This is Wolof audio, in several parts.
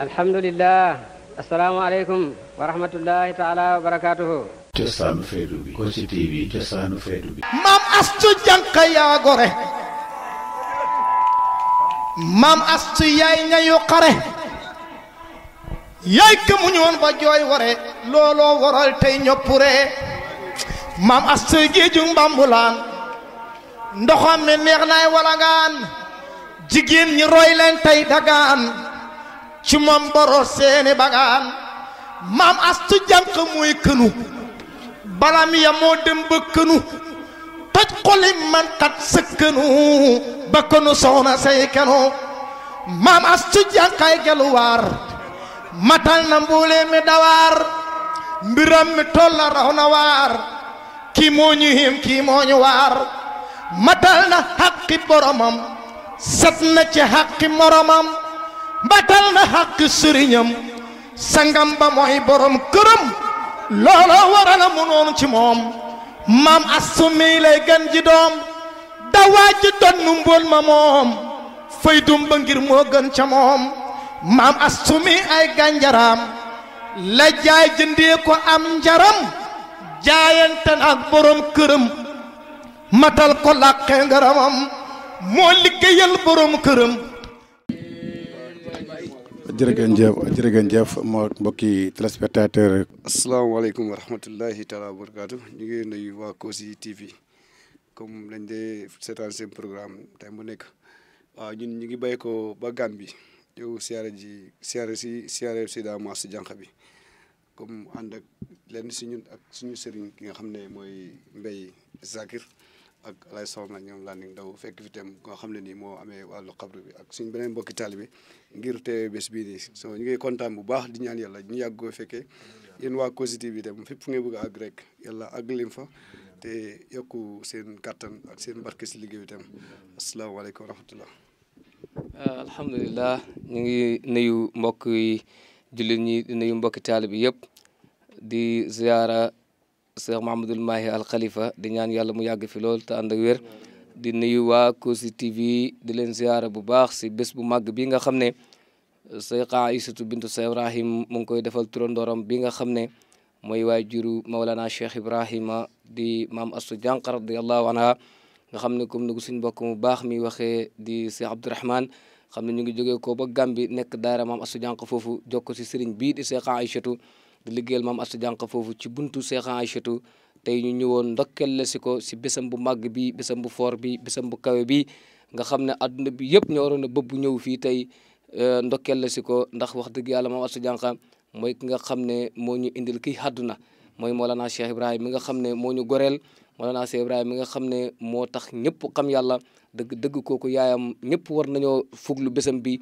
alhamdulillah asalaamaaleykum maam astu jànka yaa gore maam këmuñu woon ba jooy ware looloo waral tey ñoppuree maam astu géeju mbambulaan ndoxam mi neex naay walangaan jigéen ñi roy leen tey dagaan ci moom boroot seeni bagaan maam astu jànq mooy kënu balam ya moo dem kënu toj xoli man xat sëkkënu ba kënu soxna say kenu maam astu jànqay geluwaar matal na mbuulee mi dawaar mbiram mi tolla raw na waar kii moo ñu him kii moo ñu waar matal na xaqi boromam set na ci xaqi moromam mbatal na xàq sëriñam sangam ba mooy borom këram looloo waral mu ci moom maam assumi lay gan doom dawaa ji donnu mbóol ma moom fay ba ngir moo gën ca moom maam assumi ay gànjaraam la jaay jëndee ko am njaram jaayante na ak borom këram matal ko làqee ngaramam moo liggéeyal borom këram jërëgën jëf jërëgën jëf moo mbokki téléspectateur. asalaamaaleykum wa rahmatullahi taala wa barakaatu ñu ngi nuyu waa Kossy TV comme lañ dee seetaan seen programme tey mu nekk waaw ñun ñu ngi béy ko ba Gàmbi yow siyaare ji siyaare si siyaare si daa si jànq bi comme ànd ak lenn si ñun ak suñu sëriñ ki nga xam ne mooy Mbaye Zakir ak lay soxna ñoom Landing Ndaw fekk fi tam nga xam ne nii moo amee wàllu xabru bi ak suñ beneen mbokki taalibe ngir teewee bés bii nii ñu ngi kontaan bu baax di ñaan yàlla ñu yàgg fekkee yéen waa Kossy TV fépp fu ngeen bëgg ak rek ak lim fa te yokku seen kàttan ak seen si liggéey bi tam asalaamaaleykum wa rahmatullah euh, alhamdulilah ñu ngi nuyu mbokk yi jullit ñi di nuyu mbokki taalibe yëpp di ziyaara Cheikh Mouhamadul Mahi al Khalifa di ñaan yàlla mu yàgg fi lool te ànd ak wér di nuyu waa Kossy TV di leen ziyaara bu baax si bés bu màgg bi nga xam ne Cheikh Aïssatou bintu Cheikh Ibrahim mu ngi koy defal turandooram bi nga xam ne mooy waay juru Mawlana Cheikh Ibrahima di maam Astou Diankha radiallahu anha nga xam ne comme ni ko suñ mbokk mu baax mi waxee di Cheikh Abdourahmane xam ne ñu ngi jógee ko ba gambi nekk daara maam Astou Diankha foofu jokk si sëriñ bii di Cheikh Aïssatou di liggéeyal maam Asta Diankha foofu ci buntu Cheikh Aïchatou tey ñu ñëwoon ndokkeel la si ko si bésam bu màgg bi bésam bu foor bi bésam bu kawe bi nga xam ne àdduna bi yëpp ñoo waroon a bu ñëw fii tey e, ndokkeel la si ko ndax wax dëgg yàlla maam Asta Diankha mooy ki nga xam ne moo ñu indil kii àdduna mooy Mawlana Cheikh Ibrahima nga xam ne moo ñu goreel Mawlana Cheikh Ibrahima mi nga xam ne moo tax ñëpp xam yàlla dëgg dëgg ko yaayam ñëpp war nañoo fuglu bésam bi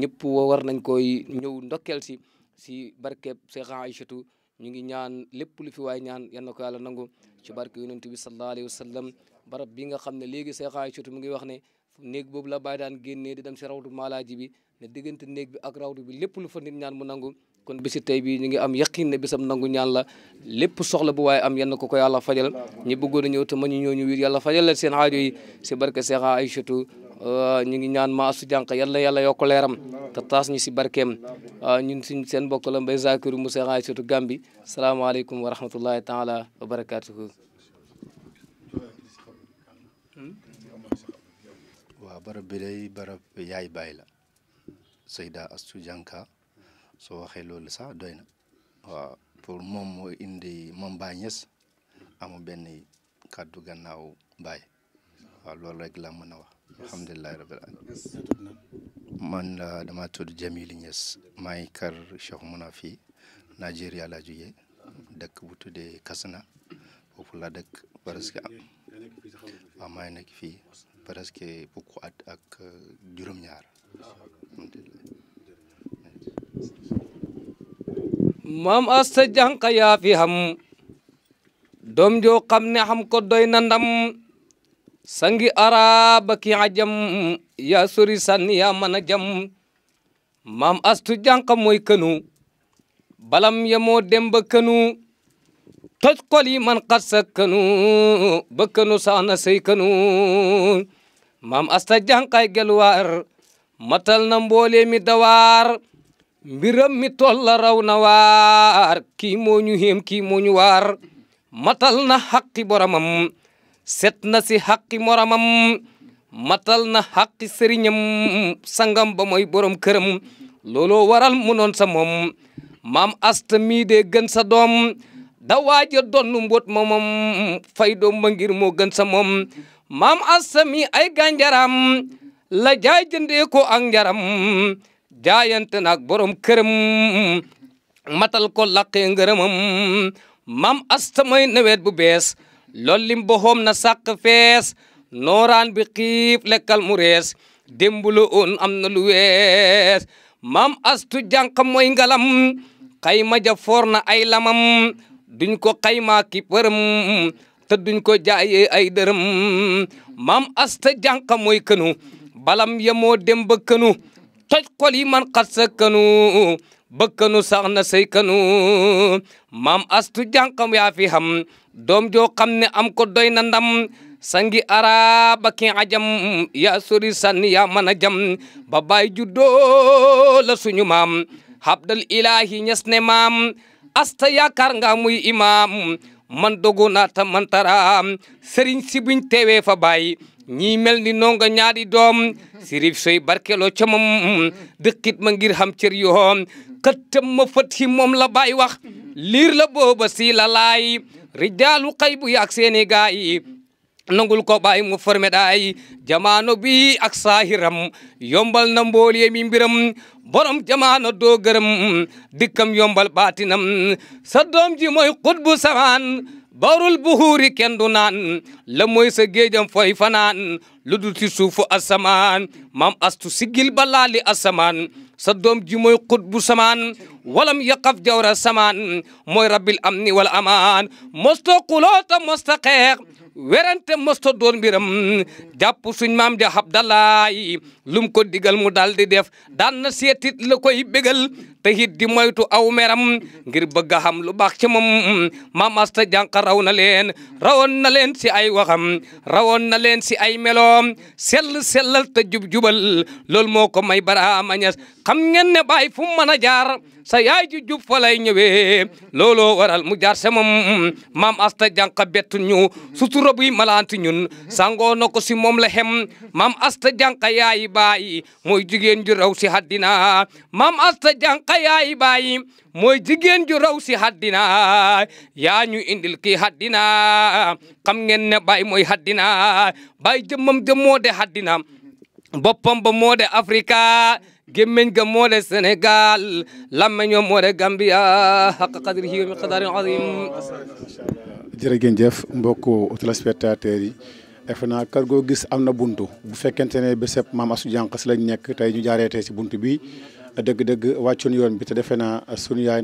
ñëpp war nañ koy ñëw ndokkeel si si barkeb Cheikh Aïchatou ñu ngi ñaan lépp lu fi waay ñaan yan na ko nangu ci barke yonent bi sallallahu alayhi wa sallam barab bi nga xam ne léegi Cheikh Aïchatou mu ngi wax ne néeg boobu la bàyyi daan génnee di dem si rawdu maalaaji bi ne diggante néeg bi ak rawdu bi lépp lu fa nit ñaan mu nangu kon bisi tey bi ñu ngi am yaqin ne bisam nangu ñaan la lépp soxla bu waaye am yenn ko ko yàlla fajal ñi bëggoon a ma ñu ñu wiir yàlla fajal leen Eh, ñu ngi ñaan ma asu jank yalla yalla yok leeram te tass ñu ci barkem eh, ñun suñu seen la mbay musa ay sutu gambi alaykum wa rahmatullahi taala wa barakatuh wa barab bi day barab yaay bay la sayda asu janka so waxe lol sa doyna wa pour mom moo indi mom bañes amu ben kaddu gannaaw bay wa lol rek la mëna wax alhamdulilah rabbil alamin man la dama tudd Jamil Niass maa ngi kar Cheikh Mounafi Nigeria laa jógee dëkk bu tuddee Kasna foofu laa dëkk presque am waaw maa ngi nekk fii at ak juróom-ñaar maam Asta Diankha yaa fi xam joo xam ne xam ko doy na ndam sangi araba ki ajam ya sori sanni ya jam maam astu jànq mooy kënu balam ya moo kënu toj xol yi man xat kënu ba kënu sax na say kënu maam asta jànqay gelwaar matal na mboole mi dawaar mbiram mi tolla raw na waar kii moo ñu kii moo ñu matal na xaqi boromam set na si xaqi moromam matal na xaqi sëriñam sangam ba mooy borom këram looloo waral mu noon sa moom maam asta mii de gën sa doom da waaja donnu mbóot ma moom fay doom ngir moo gën sa moom maam asta mii ay gànjaram la jaay jëndee ko ak njaram jaayante naag borom këram matal ko laqee ngërëmam maam asta mooy nawet bu bees lollim bohom na sàq fees nooraan bi xiif lekkal mu rees démbulu oon am na lu wees maam astu jànq mooy ngalam xayma ja foor na ay lamam duñ ko xaymaa ki përëm te duñ ko jaayee ay dërëm mam asta jànq mooy kënu balam yemoo dem ba kënu toj xol yi man xas kënu bëkkanu sax na saykanu mam astu jànqam yaa fi doom joo xam ne am ko doy na ndam sangi araba ki ajam yaa sori sànni yaa mën a jam ba baay juddoo la suñu maam habdal ilaahi ñas ne maam asta yaakaar nga muy imaam man dogu naa ta man tara sëriñ si buñ teewee fa baay ñii mel ni nonga ñaari doom sirif soy barkeloo ca moom dëkkit ma ngir xam cër yoo xëttam ma fët moom la bay wax liir la booba sii la laay rijaalu kaybu bu yaak seeni gaa yi nangul ko bàyyi daay jamaano bi ak saahiram yombal na mboolee mi mbiram borom jamaano doo gërëm dikkam yombal baatinam sa doom ji mooy xutbu samaan barul buhuuri kenn du naan la mooy sa géejam fooy fanaan lu dul ci suufu asamaan maam astu siggil ba laali asamaan سدوم جي موي قطب سمان ولم يقف جور سمان موي رب الامن والامان مستقلوت مستقر ورنت مستدون بيرم جاب سوني مام دي عبد الله لوم ديغل مو دال دي ديف دان سيتيت لكوي بيغل te it moytu aw meram ngir bëgg a xam lu baax ci moom maam asta raw na leen rawoon na leen si ay waxam rawoon na leen si ay meloom sell sellal te jub jubal loolu moo ko may baraama ñas xam ngeen ne baay fu mu mën a jaar sa yaay ju jub fa lay ñëwee looloo waral mu jaar sama maam asta jànqa bettu ñu sutura buy malaanti ñun sangoo na ko si moom la xem maam asta jànqa yaayi bay mooy jigéen ju raw si haddina maam asta jànqa yaayi baayi mooy jigéen ju raw si haddina yaa ñu indil kii haddina xam ngeen ne baay mooy haddina baay jëmmam jëmmoo de haddina boppam ba moo de gémmeñ ga moo de Sénégal làmmeñoo moo de Gambia xaq qadri yi mi qadarin azim jërëjëf mbokku téléspectateurs yi defe naa kër goo gis am na buntu bu fekkente ne béseb maam asu jànq si lañ nekk tey ñu jaareetee si bunt bi dëgg-dëgg wàccoon yoon bi te defe naa sunu yaay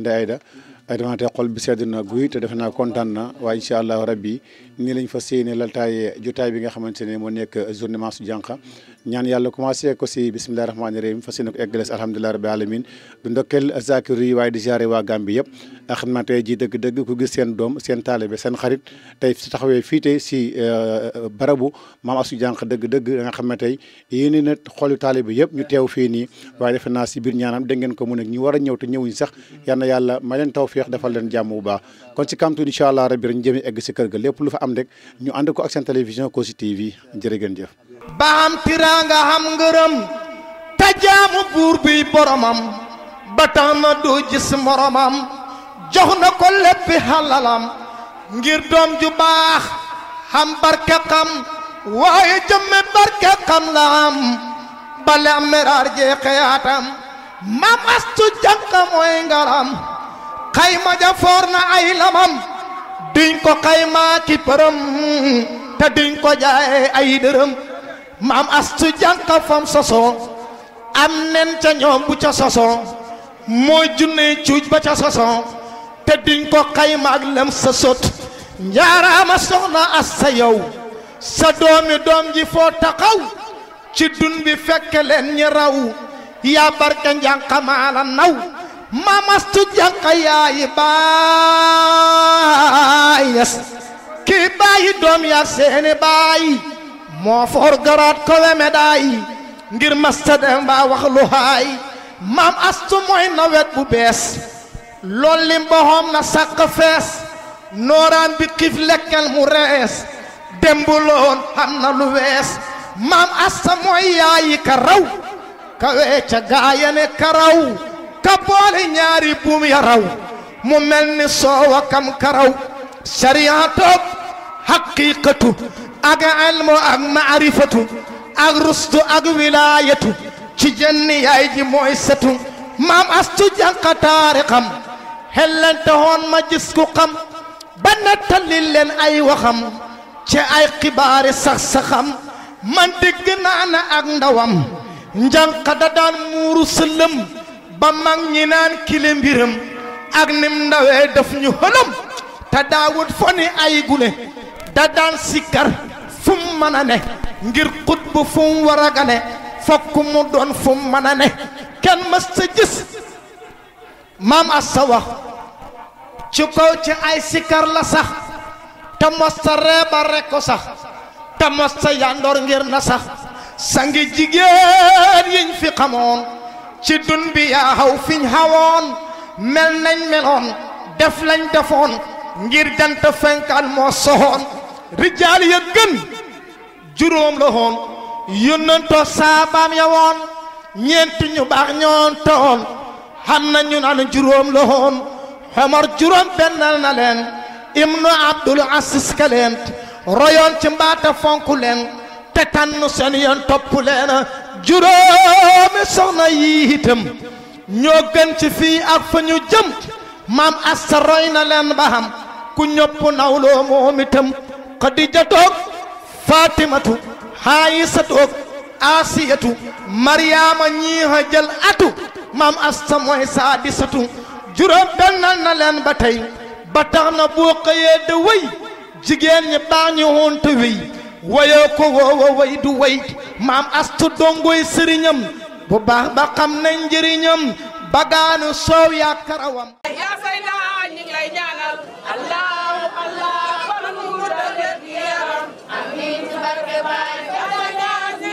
waaye dafa naa tey xol na guy te defe naa kontaan na waaye incha allahu rabbi nii lañ fas yéene la taayee bi nga xamante ne moo nekk journée Maasu Jànqa ñaan yàlla commencé ko si bisimillahi rahmaani rahim fas yéene ko eggale si alhamdulilahi rabbi alamin du ndokkeel zakiri yi waaye di jaare waa Gàmbi yëpp nga xam naa dëgg-dëgg ku gis seen doom seen taalibe seen xarit tey su taxawee fii tey si euh, barabu maam Asu Jànq dëgg-dëgg da xam ne tey yéene na xolu taalibe yëpp ñu teew fii nii waaye defe naa si biir ñaanam dégg ngeen ko mu ne ñu war a ñëw te ñëwuñ sax leen taw tawféex defal len jàmm bu baax kon ci kamtu inshallah rabbi ñu jëmi egg ci kër ga lepp lu fa am rek ñu and ko ak seen télévision ci TV jërë ngeen jëf. ba am tiranga am ngërëm ta jaamu bur bi boromam ba tax na du gis moromam jox na ko lepp halalam ngir dom ju baax xam barka xam waye jëm barka xam la am bale merar je xiyatam maam astu jànka mooy ngaram xayma ja foor na ay lamam duñ ko xaymaa ki përëm te duñ ko jaay ay dërëm maam astu jànqa fam sosoo am nen ca ñoom bu ca sosoo mooy junne cuuj ba ca sosoo te duñ ko xayma ak lem sa sot njaaraama soxna as sa yow sa doomi doom ji foo taxaw ci dun bi fekk leen ñi raw yaa barke njànqa maa la naw mamas tujang kaya baay yes ki baay ya sene baay mo for garat ko medai ngir masta dem ba wax lu hay mam astu moy nawet bu lol lolli mboxoom na sak fees noran bi kif lekkel mu rees dembuloon xam na lu wes mam astu moy yaay karaw ka ca gayane karaw ka boole ñaari buum ya raw mu mel ni soowa kam karaw sariyaatoog haqiiqatu ak elmo ak maarifatu ak rustu ak wilaayatu ci jenni yaay ji mooy setu maam astu jànqa taari xam xellente hoon ma gis xam ba nettalil leen ay waxam ci ay xibaari sax man dégg naa na ak ndawam njànqa da daan muuru sëlëm ba mag ñi naan kile mbiram ak nim ndawee daf ñu xëlëm te daawut foni ay gune da daan sikkar fu mën a ne ngir xut bu fu mu fokk mu doon fu mën a ne kenn mës sa gis maam Assa wax ci kaw ci ay sikkar la sax te mos sa reeba rek ko sax te mos sa yandoor ngir na sax sangi jigéen yiñ fi xamoon ci dun bi yaa xaw fiñ xawoon mel nañ meloon def lañ defoon ngir jant fenkaan moo soxoon rijaal ya juróom la woon yónnantoo saabaam ya woon ñeenti ñu baax ñoon toon xam na ñu naan juróom la woon xomar juróom bennal na leen ibnu abdul asis ka royoon ci mbaata fonk leen te tànn seen yoon topp leen juróomi soxna yi itam ñoo gën ci fii ak fa ñu jëm maam asta roy na leen ba xam ku ñëpp nawloo moom itam xadija toog fatimatu xaayisa toog asiyatu maryaama ñiiha jël atu maam asta mooy saadisatu juróom bennal na leen ba tey ba tax na boo xëyee wëy jigéen ñi baax ñu honte wéy wayoo ko woowa way du way maam astu dongoy sëriñam bu baax ba xam na bagaanu soow yaa karawam yaa say naa ñi ngi lay ñaanal allahu allah mu mu dëgër gi yaram amiin ci barke baay yaa say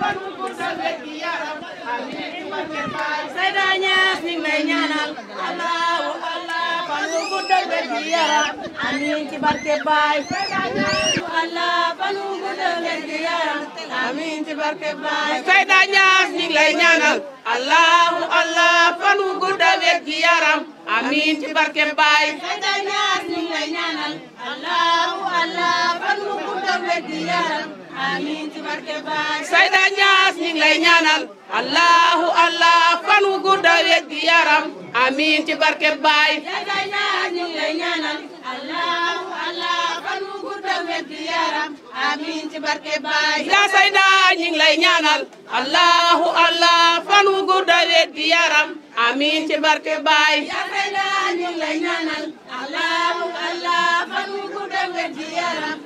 fan bu guddal wér gi yaram amiin ci barke Baay Seyda Ñaas ñu ngi lay ñaanal allahu allah fan bu guddal wér gi yaram amiin ci barke Baay Seyda Ñaas allah fan bu guddal wér gi yaram amiin ci barke Baay Seyda Ñaas ñu ngi lay ñaanal allahu allah fan bu guddal wér gi yaram amiin ci barke Baay Seyda Ñaas ñu ngi lay ñaanal allahu allah fan bu guddal wér gi yaram amiin ci barke baay sayda ñaas ñi ngi lay ñaanal allahu allah fan wu gudd a wér gi yaram amiin ci barke baay sayda ñaas ñi ngi lay ñaanal allahu allah fan wu gudd a wér gi yaram amiin ci barke baay yaa sayda ñi ngi lay ñaanal allahu allah fan wu gudd a wér gi yaram amiin ci barke baay yaa sayda ñi ngi lay ñaanal allahu allah fan wu gudd a wér gi yaram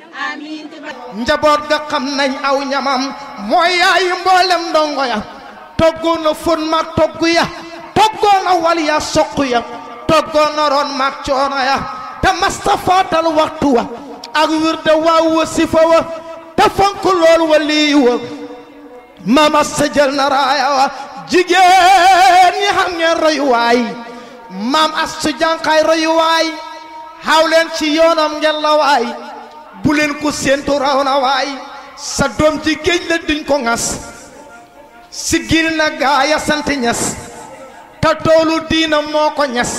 njaboot ga xam nañ aw ñamam mooy yaayu mboolem ndongo ya toggoona fon ma togg ya toggoona wal ya soq ya toggoona ron maag coono ya te mastafaatal waxtu wa ak wir da waaw wa sifa wa te fonk lool wa lii wa mama sëjël na raaya wa jigéen ñi xam ngeen royuwaay maam as su jànqaay royuwaay ci yoonam ngeen la waay bu leen ko séentu raw sa doom ci géej la duñ ko ŋas siggil na gaaya sant ñes te toolu diina moo ko ñes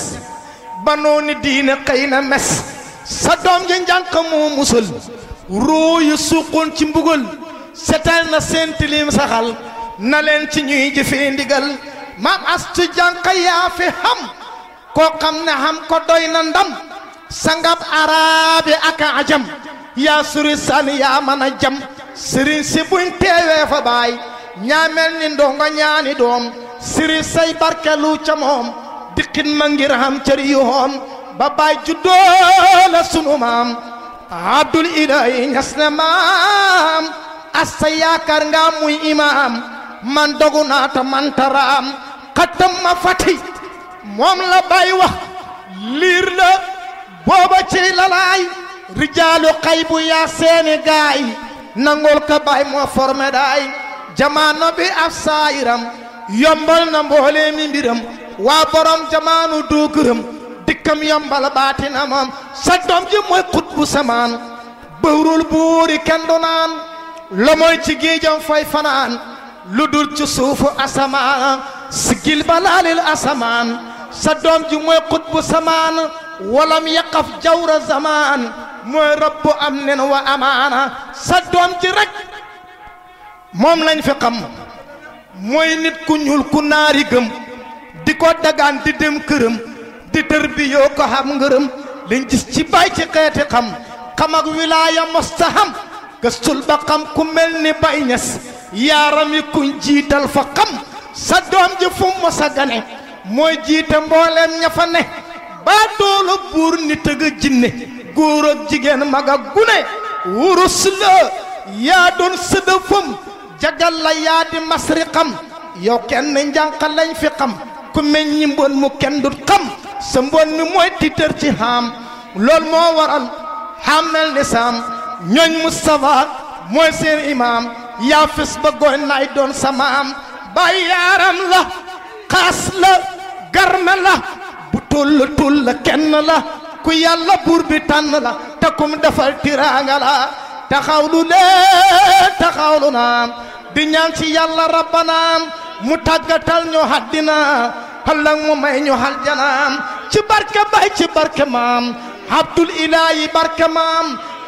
banoo ni diina xëy na mes sa doom ji njànq moo musal roo yu ci mbugal setal na seen tilim saxal na leen ci ñuy jëfee ndigal maam astu jànq yaa fi xam koo xam ne xam ko doy na ndam sangab araabi ak ajam yaa suri san yaa mën a jam sëriñ si buñ teewee baay ñaamel ni ndongo ñaani doom sëriñ say barkelu ca moom ma ngir xam cëri yoom ba baay juddoo la sunu maam abdul ñas ne maam asta yaakaar nga muy imaam man dogu naa ta man taraam fati moom la baay wax liir la booba ci lala rijaalu xaybu yaa seeni gaay nangol ka baay moo formé jamaano bi ab yombal na mbooleem mbiram waa borom jamaanu duuguram dikkam yombal baatinamam sa doom ji mooy bëwrul buuri kenn du ci géejam fay fanaan lu dul ci suufu asamaan sigil balaalil asamaan sa doom ji mooy jawra zamaan mooy rabbu am nen wa amaana sa doom ji rek moom lañ fi xam mooy nit ku ñuul ku naari gëm di ko dagaan di dem këram di tër bi yoo ko xam ngërëm liñ gis ci bay ci xeeti xam xam ak wilaaya mosta xam gëstul ba xam ku mel ni bay ñes yaaram yi kuñ jiital fa xam sa doom ji fu mu gane mooy jiite mbooleem ña fa ne baa doolu buur nit ak jinne góor ak jigéen mag ak gune wurus la yaa doon sëdëfam jagal la yaa di masriqam yow kenn njànq lañ fi xam ku meññi mboon mu kenn dut xam sa mboon mi mooy tiitër ci xaam loolu moo waral xaam mel ni Mustafa mooy seen imaam yaa fis ba gooy naay doon sa maam yaaram la xaas la garme la bu tull tull kenn la ku yàlla buur bi tànn la defal tiraanga taxawlu leen taxawlu naam di ñaan ci yàlla rabbanaam mu tàggatal ñu haddina xallak mu may ñu haljanaam ci barke bay ci barke maam abdul ilaahi barke maam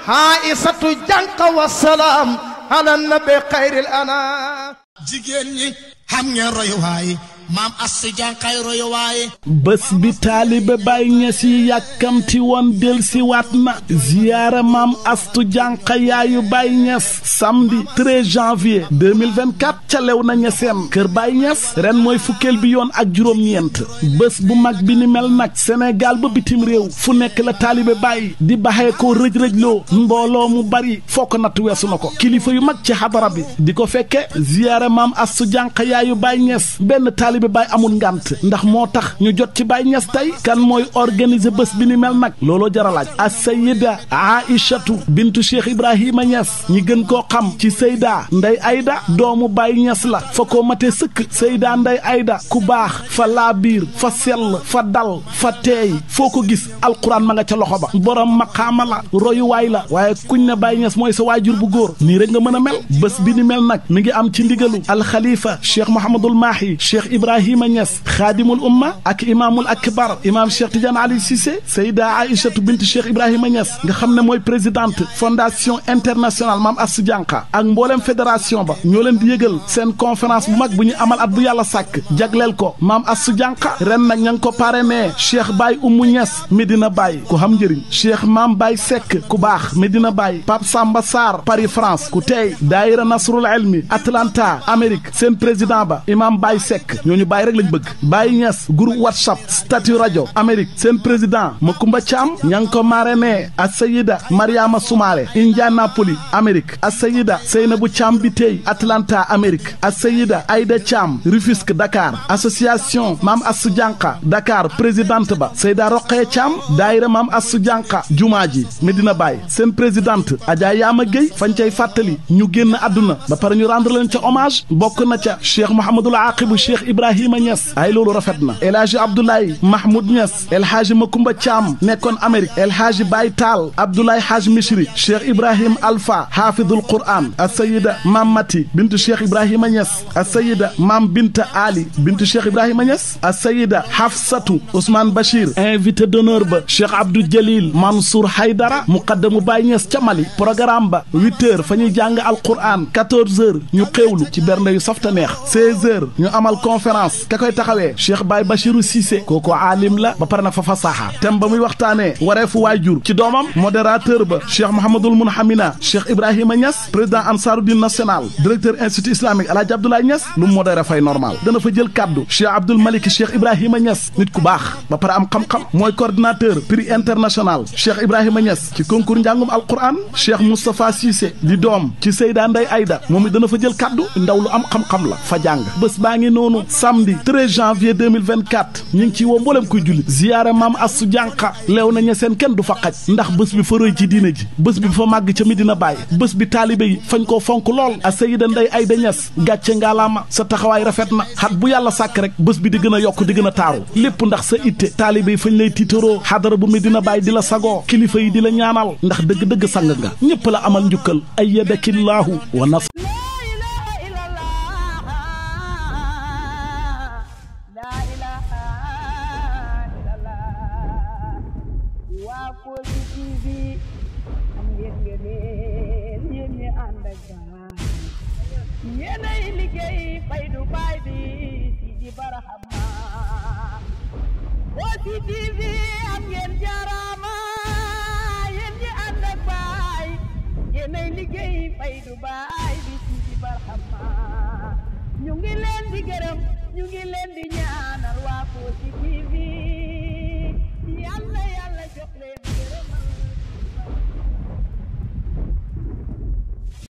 haa isatu jànqa wassalaam ala nabi xayril anaam jigéen ñi xam ngeen royuwaay maam Assa Diankay royo waaye bés bi taalibe Baay Ñas yi yàkkamti woon del siwaat na ziyaara maam Astu Diankay yaayu Baay Ñas samedi 13 janvier 2024 ca Léona Niassène kër Baay Ñas ren mooy fukkeel bi yoon ak juróom-ñeent bés bu mag bi ni mel nag Sénégal ba bitim réew fu nekk la taalibe bàyyi di baxee ko rëj-rëjloo mbooloo mu bari foo ko natt weesu na ko kilifa yu mag ci xadara bi di ko fekke ziyaara maam Astu Diankay yaayu Baay Ñas benn taalibe taalibe Baay amul ngànt ndax moo tax ñu jot ci Baay Ñas tey kan mooy organiser bés bi ni mel nag looloo jaralaaj a laaj as-sayyida Aïchatu bintu Cheikh Ibrahima Ñas ñi gën koo xam ci Seyda Ndey Ayda doomu Baay Ñas la fa ko mate sëkk Seyda Ndey Ayda ku baax fa laa biir fa sell fa dal fa teey foo ko gis alquran ma nga ca loxo ba borom maqaama la royuwaay la waaye kuñ ne Baay Ñas mooy sa waajur bu góor nii rek nga mën a mel bës bi ni mel nag mi ngi am ci ndigalu alxalifa Cheikh Mouhamadul Ibrahima Niass xaadimul umma ak imaamul akbar imaam Cheikh Tidiane Ali Cissé Seyda Aïchatou bint Cheikh Ibrahima Niass nga xam ne mooy présidente fondation internationale mam Astou Diankha ak mboolem fédération ba ñoo leen di yëgal seen conférence bu mag bu ñu amal at bu yàlla sàkk jagleel ko Maam Astou Diankha ren nag ña ngi ko parrainé Cheikh Baye Oumou Niass Medina Baye ku xam njëriñ Cheikh Maam Baye Seck ku baax Medina Baye Pape Samba Sarr Paris France ku tey daayira Nasrul Elmi Atlanta Amérique seen président ba imaam Baye Seck ñooñu bàyyi rek lañ bëgg bàyyi ñas groupe whatsapp statut rajo amérique seen président Makumba Caam ña ngi ko marraine ak sayida mariama sumaare indianapolis amérique ak sayida Seynabu Caam bi tey atlanta amérique ak sayida ayda Caam Rufisque dakar association maam assu jànqa dakar présidente ba sayda roqee Caam daayira maam assu jànqa jumaa ji Medina Baye seen présidente Adja Yaama Gueye fañ cay fàttali ñu génn àdduna ba pare ñu rendre leen ca hommage bokk na ca Ibrahima Niass ay loolu rafet na El Hadji Abdoulaye Mahmoud Niass El Hadji Makumba Thiam nekkoon Amérique El Hadji Baye Tall Abdoulaye Hadj Mishri Cheikh Ibrahim Alpha Hafidul Quran Asayida Mam Mati bintu Cheikh Ibrahima Niass Asayida Mam Binta Ali bintu Cheikh Ibrahima Niass Asayida Hafsatu Ousmane Bachir invité d'honneur ba Cheikh Abdou Jalil Mansour Haydara muqaddamu Baye Niass ca Mali programme ba huit heures fa ñuy jàng alquran quatorze heures ñu xéewlu ci bernde yu safta neex seize heures ñu amal conférence France ka koy taxawee Cheikh Baye Bachirou Cissé kooku aalim la ba pare nag fa fasaaxa thème ba muy waxtaanee wareefu waajur ci doomam modérateur ba Cheikh Mouhamadoul Mounhamina Cheikh Ibrahima Niass président Ansaruddin national directeur institut islamique Alaaji Abdoulaye Niass lu mu modéré fay normal dana fa jël kaddu Cheikh Abdoul Malik Cheikh Ibrahima Niass nit ku baax ba pare am xam-xam mooy coordinateur prix international Cheikh Ibrahima Niass ci concours njàngum alquran Cheikh Moustapha Cissé di doom ci Seyda Ndeye Aïda moom it dana fa jël kaddu ndaw lu am xam la fa jàng samedi 13 janvier 2024 ñu ngi ci woo mboolem kuy jullit ziyaara maam astu jànqa leew na ña seen kenn du fa xaj ndax bés bi fa rëy ci diine ji bés bi fa màgg ca dina Baye bés bi taalibe yi fañ koo fonk lool a sayida nday ay dañes gàcce ngaalaama sa taxawaay rafet na xat bu yàlla sàkk rek bés bi di gën a yokk di gën a taaru lépp ndax sa itte taalibe yi fañ lay tiitaroo xadara bu dina bàyyi di la sagoo kilifa yi di la ñaanal ndax dëgg-dëgg sang nga ñëpp la amal njukkal ay yadakillaahu wa yéenay liggéey Faydu Baay bi Sidi Barhama Kossy TV am ngeen jaaraama yéen ñi ànd ak Baay yéenay liggéey Faydu Baay bi Sidi Barhama ñu ngi leen di gërëm ñu ngi leen di ñaanal waa Kossy TV yàlla yàlla jox leen